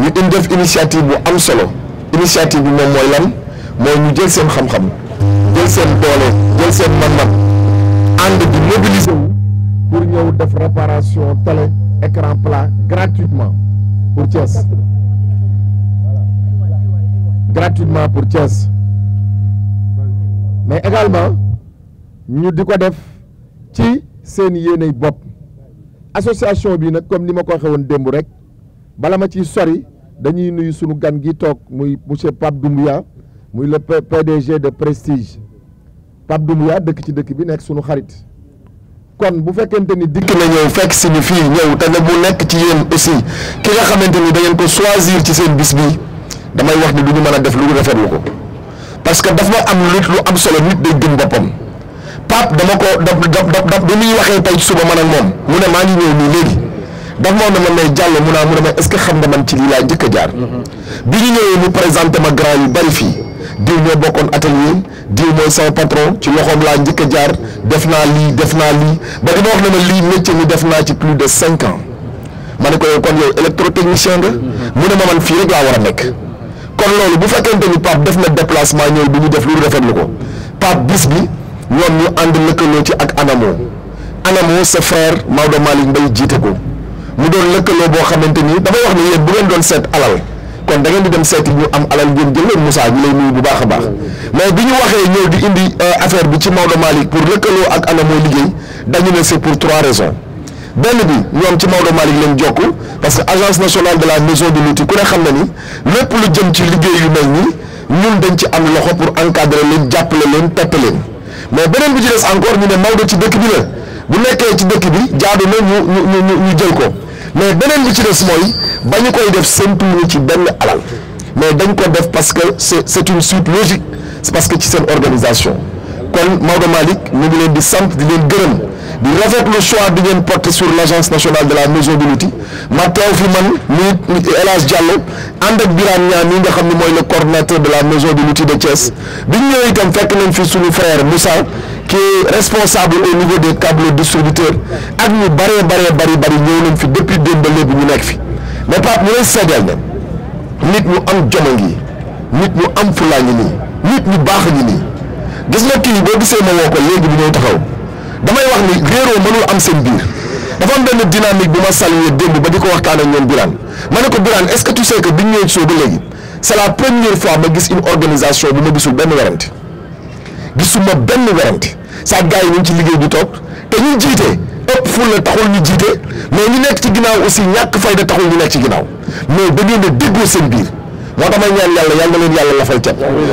Nous avons def initiative bu am solo initiative bu moom moy lan moy ñu jël seen xam-xam jël seen doole jël seen man-man ànd di mobiliser wu pour ñëw def réparation télé écran plat gratuitement pour Thiès gratuitement pour Thiès mais également ñu di ko def ci seen yéeney bop association bi nak comme ni ma ko waxee woon démb rek bala ma ci sori dañuy nuyu suñu gan gi toog muy monsieur Pape Doumbouya muy le PDG de Prestige Pape Doumbouya dëkk ci dëkk bi nekk suñu xarit kon bu fekkente ni dikk na ñëw fekk si ni fii ñëw te nag mu nekk ci yéen aussi ki nga xamante ni da ngeen ko choisir ci seen bis bi damay wax ni du ñu mën a def lu rafetlu ko parce que dafa am nit lu am solo nit day gën boppam Pape dama ko da da da bi muy waxee tey suba man ak moom mu ne maa ngi ñëw nii léegi. daf ma na ne man lay jàll mu naa mu ne ma est-ce que xam nga man ci lii laa njëkk a jaar. Mm-hmm. bi ñu ñëwee mu présenté ma grand yu bari fii diw ñoo bokkoon atelier diw mooy sama patron ci loxoom laa njëkk a jaar def naa lii def naa lii ba dama wax na ma lii métier mi def naa ci plus de cinq ans ma ne ko yow kon yow électrotechnicien mm-hmm. mu ne ma man fii rek laa war a nekk. kon loolu bu fekkente ni Pape def na déplacement ñëw bi ñu def lu rafetlu ko Pape bis bi ñoom ñu ànd lëkkaloo ci ak ANAMO ANAMO sa frère Maodo Malick Mbaye jiite ko. mu doon lëkkaloo boo xamante ni dafay wax ne yéen bu ngeen doon seet alal kon da ngeen di dem seeti ñu am alal ngeen jël leen Moussa ñu lay nuyu bu baax a baax mais bi ñu waxee ñëw di indi euh, affaire bi ci Maodo Malick pour lëkkaloo ak ana liggéey dañu ne c'est pour trois raisons benn bi ñoom ci Maodo Malick lañ jokk parce que agence nationale de la maison de l'outil ku ne xam na ni lépp lu jëm ci liggéey yu mel nii ñun dañ ci am loxo pour encadrer leen jàppale leen pepp leen mais beneen bi encore ñu ne Maodo ci dëkk bi la bu nekkee ci dëkk bi jaadu na ñu ñu ñu ñu mais benen bi ci dess moy bañ koy def séntuwuñu ci benn alal mais dañ ko def parce que c'est c'est une suite logique c'est parce que ci seen organisation kon Maodo Malik, ñu ngi leen di sant di leen gëreum di le choix di ngeen porter sur l'agence nationale de la maison de l'outil ma taw fi man ni El Hadj Diallo and ak biram Niang mi nga xamni moy le coordinateur de la maison de l'outil de Thiès bi ñëw itam fekk nañ fi suñu frère Moussa qui est responsable au niveau des câbles distributeurs ak ñu bëree bëree bëri bari ñëw nañ fi depuis démb léegi ñu nekk fi mais Pape ñu lay seedeel nit ñu am joma ngi nit ñu am fulaa ngi nii nit ñu baax ngi nii gis nga kii boo gisee ma woo ko léegi bi ñëw taxaw damay wax ni réeroo mënul am seen biir dafa am benn dynamique bi ma salué démb ba di ko waxtaan ak ñoom Birane ma ne ko Birane est-ce que tu sais que bi ñu ñëwee ba léegi c'est la première fois ma gis une organisation bu ma gisul benn werante gisuma benn werante sa gars yi ñu ci liggéey bi top té ñu jité ëpp fu la taxul ñu jité mais ñu nekk ci ginaaw aussi ñàkk fayda taxul ñu nekk ci ginaaw mais da ngeen a déggoo seen biir mo tax may ñaan yalla yalla la ci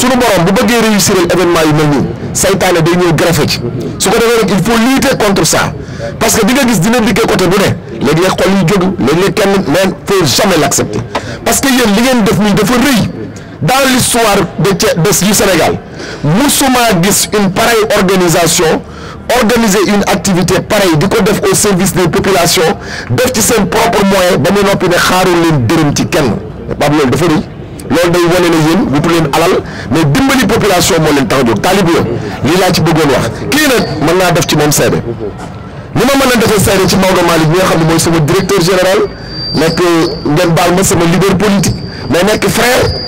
suñu borom bu bëggee réussir événement yu mel day ñëw ci su ko il faut lutter contre ça parce que di nga gis dina côté bu né légui xol kenn mais jamais l'accepter parce que yeen li ngeen def de dafa dans l'histoire de du Sénégal, nous gis une pareille organisation, organiser une activité pareille, du coup, au service des populations, de ses propres moyens, de nous pas de faire loolu day wane de yéen wutu leen alal mais dimbali population moo leen tax a jóg taalib la lii laa ci bëggoon wax kii nag mën naa def ci moom seede li ma mën a defee seede ci Maodo Malick nga directeur général nekk ngeen baal ma mon leader politique mais nekk frère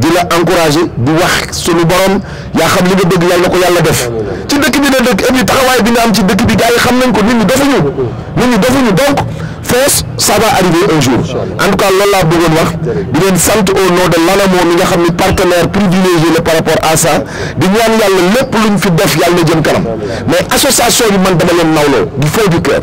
di la encouragé di wax sunu borom ya xam li nga bëgg yalla ko yalla def ci dëkk bi na dëkk et taxawaay bi nga am ci dëkk bi gars xam nañ ko nit ñi defuñu nit ñi defuñu donc force ça va arriver un jour en tout cas loolu laa bëggoon wax di leen sant au nom de lalamo mi nga xam ni partenaire privilégié le par rapport à ça di ñaan yàlla lépp luñ fi def yàlla na jëm kanam mais association bi man dama leen nawloo di fond du cœur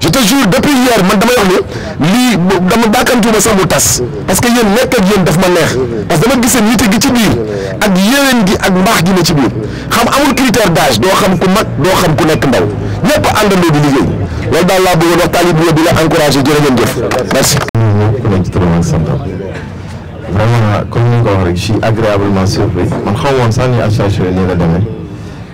je te jure depuis hier man dama wax ne lii dama bàkkantuuma sax mu tas parce que yéen nekk ak yéen ma neex parce que dama gisee nit gi ci biir ak yéwén gi ak mbaax gi ne ci biir xam amul critère d'âge doo xam ku mag doo xam ku nekk ndaw ñëpp àndandoo di liggéey loolu daal laa bëggoon wax taalibe bi di la si jërë ngeen jëf merci. vraiment comme ni nga ko wax rek je suis agréablement surpris man xaw ma woon sax ni association nii la demee.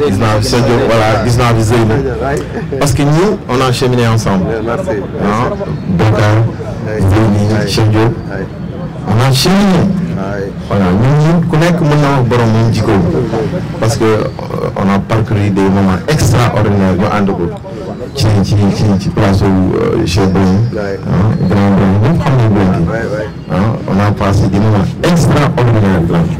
19 sëñ voilà 19 bi Zeyna parce que nous on a cheminé ensemble. merci ah Bécaye on a cheminé. voilà nous nous ku nekk mën borom parce que euh, on a parcouru des moments extraordinaires ñu ànd ci ci ci ci place wu euh, chez ah, ah, on a passé des moments extraordinaires.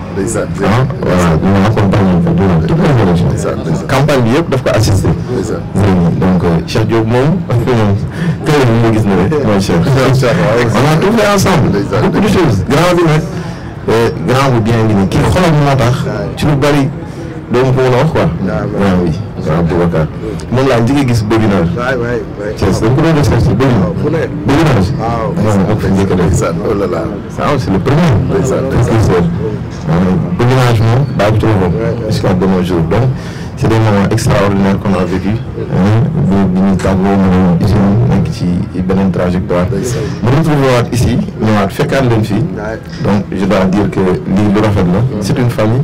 Ah, ndeysaan voilà ñu ngi accompagné bi yëpp daf ko assisté donc euh, Cheikh Diop moom tey moom nga gis na rek mooy Cheikh on a tout fait ensemble beaucoup grand bi nag euh, grand bu bien ngi ni kii xolam moo tax ci lu bari doomu ko mën a wax quoi waaw oui waaw Boubacar moom laa njëkk a gis bobinage. waay waay waay Thiès dañ ko doon recherché bobinage. bobinage. waaw moom moo ko njëkk a def. c'est le Béguinage moom bàyyi ko ci boppam jusqu'à de nos jours donc c' est des moments extraordinaires qu'on a vécu bu bu ñu tàggoo moom ici nekk ci beneen trajectoire mu retrouvé waat ici ñëwaat fekkaat leen donc je dois dire que lii lu rafet la c'est une famille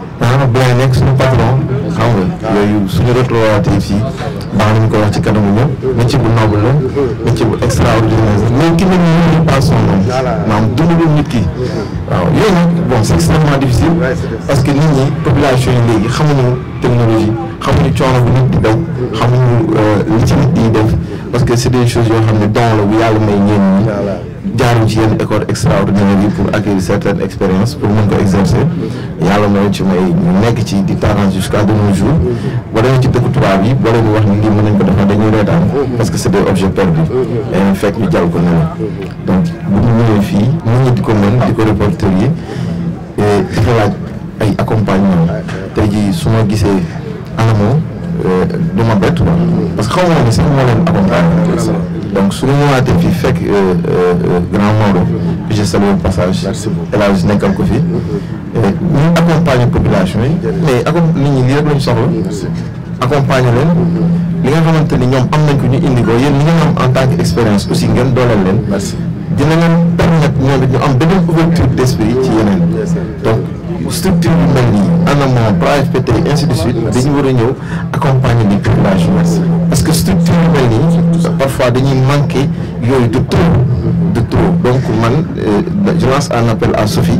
ah Blay nekk suñu patron xam nga yooyu suñu retrouvaatee fii baax nañu ko wax ci kanamu ñëpp métier bu noble la métier bu extraordinaire mais ki nañ ñu ñu pas son nom maam dundu nit ki waaw yooyu nag bon c'est extrêmement difficile parce que nit ñi population yi léegi xamuñu technologie xamuñu coono bu nit di daw xamuñu euh, li ci nit di def parce que c'est des choses yoo xam ne don la bu yàlla may ñeen ñi jaaruñ ci yenn école extraordinaire yi pour acquérir certaines expériences pour mën ko exercer yàlla mooy ci may ñu nekk ci di parents jusqu'à de nos jours boo demee ci dëkku tubaab yi boo leen wax ni lii mën nañ ko defar dañuy reetaan parce que c'est des objets perdus et fekk ñu jàll ko noonu donc bu ñu ñëwee fii nit ñi di ko mën di ko reporter yi di ko laaj ay accompagnement tey jii su ma gisee anamo euh, duma bett quoi parce que xaw ma ne sax moo leen accompagné donc su ñu ñëwaatee fii fekk euh, euh, grand Maodo que je salue au passage El Hadj nekkal ko fi accompagnons accompagner population mais nous nit ñi lii rek accompagner les mm-hmm. li nga xamante ni am nañ ko ñu indi nga en tant qu'expérience aussi ngeen dooleel leen. permettre ouverture ci donc structure humaine en amont, ANAMO PRAFPT ainsi de suite dañu war accompagner les populations. parce que structure humaine mel parfois dañuy manqué de trop. de trop donc man euh, je lance un appel à Sophie.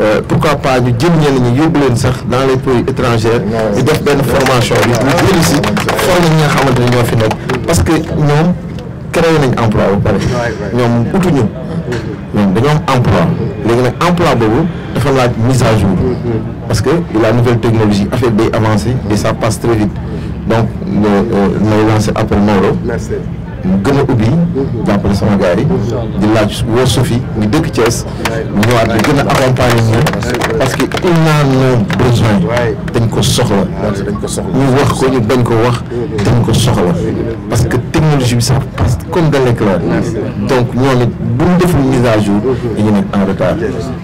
Euh, pourquoi pas nous dans les pays étrangers et def une formation parce que nous créons un emploi nous avons tout nous, nous, avons emploi de emploi mise à jour parce que la nouvelle technologie fait des avancées et ça passe très vite donc euh, nous lancé appel Merci. mu a ubbi mhm. jàppale sama gars yi di laaj woo Sophie ñu dëkk Thiès ñu ñëwaat di gën a accompagner ñu parce que il en a besoin dañ ko soxla ñu wax ko ñu bañ ko wax mhm. dañ ko soxla parce que technologie bi sax passe comme de l'éclair donc ñoom it bu deful mise à jour mhm. dañu en retard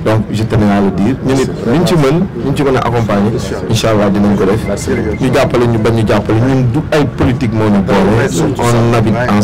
donc je tenais à le dire ñu nit liñ ci mën liñ ci mën a accompagner incha allah dinañ ko def ñu jàppale ñu bañ ñu jàppale ñun du ay politique moo ñu boole on habite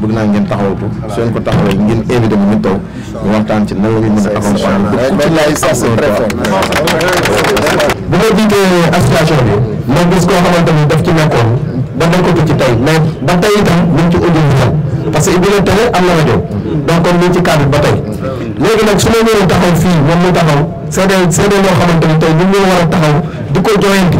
bëgg naa ngeen taxawal ko su ngeen ko taxawal ngeen invité mu ñu a bu ma jiitee association bi ma gis koo xamante ni def ci nekkoon ba nekkatu ci tey mais ba tey itam ñu ngi ci audiovisuel parce que Ibi télé am na rajo donc kon ñu ci cadre ba tey léegi nag su ma ñëwee taxaw fii moom mu taxaw seede seede loo xamante ni tey ñu ngi war taxaw di ko joyanti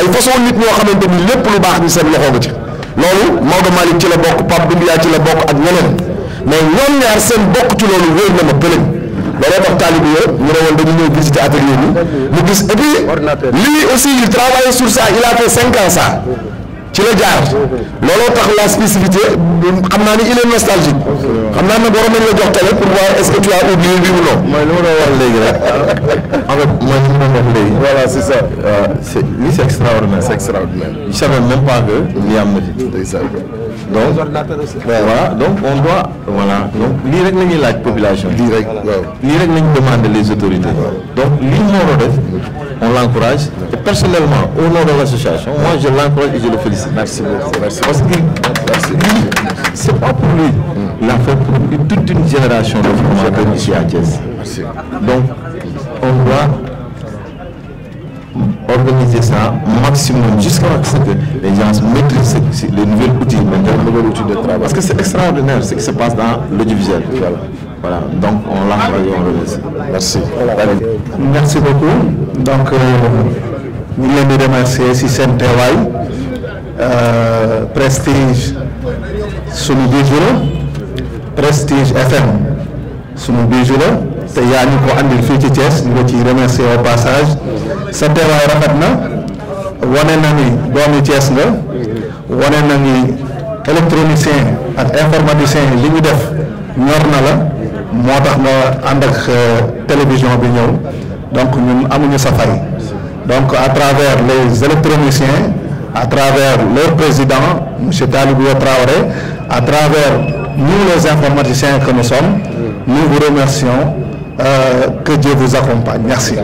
Il faut nit ñoo xamanteni lu baax ni seen loxo ci loolu Malik ci la bokk pap ci la ak ñeneen mais ñoom ñaar seen bokk ci loolu ma pëlëñ tax dañu ñëw lui aussi il travaille sur ça il a fait cinq ans ça ci la jaar looloo tax la spécificité il est nostalgique xam naa la jox voir est-ce que tu as oublié ou non. Voilà, c'est ça. Euh, c'est extraordinaire. C'est extraordinaire. Je ne savais même pas que Liam Donc, voilà, donc on doit. Voilà. Donc, la population. L'IREC demande les autorités. Donc, l'IREC, on l'encourage. Et personnellement, au nom de l'association, moi je l'encourage et je le félicite. Merci beaucoup. Merci. Parce que c'est pas pour lui. Hmm. Il a fait pour toute une génération de formateurs ici à Thiès. Donc, on doit organiser ça maximum jusqu'à ce que les gens maîtrisent les nouvelles outils, les nouveaux outils de travail. Parce que c'est extraordinaire ce qui se passe dans l'audiovisuel. Voilà. voilà. Donc on l'a on le laisse. Merci. Merci beaucoup. Donc euh, nous euh, voulons remercier si c'est Euh, prestige Soumou prestige FM Soumou te yaa ñu ko andil fii ci Thiès ñu ko ciy remercier au passage sa teewaay rafet na wane na ni doomi Thiès nga wane na ni électronicien ak informaticien li ñu def ñor na la moo tax nga ànd ak euh, télévision bi ñëw donc ñun amuñu sa fay donc à travers les électroniciens à travers leur président monsieur Talibou Traoré à travers nous les informaticiens que nous sommes nous vous remercions euh, que Dieu vous accompagne. Merci.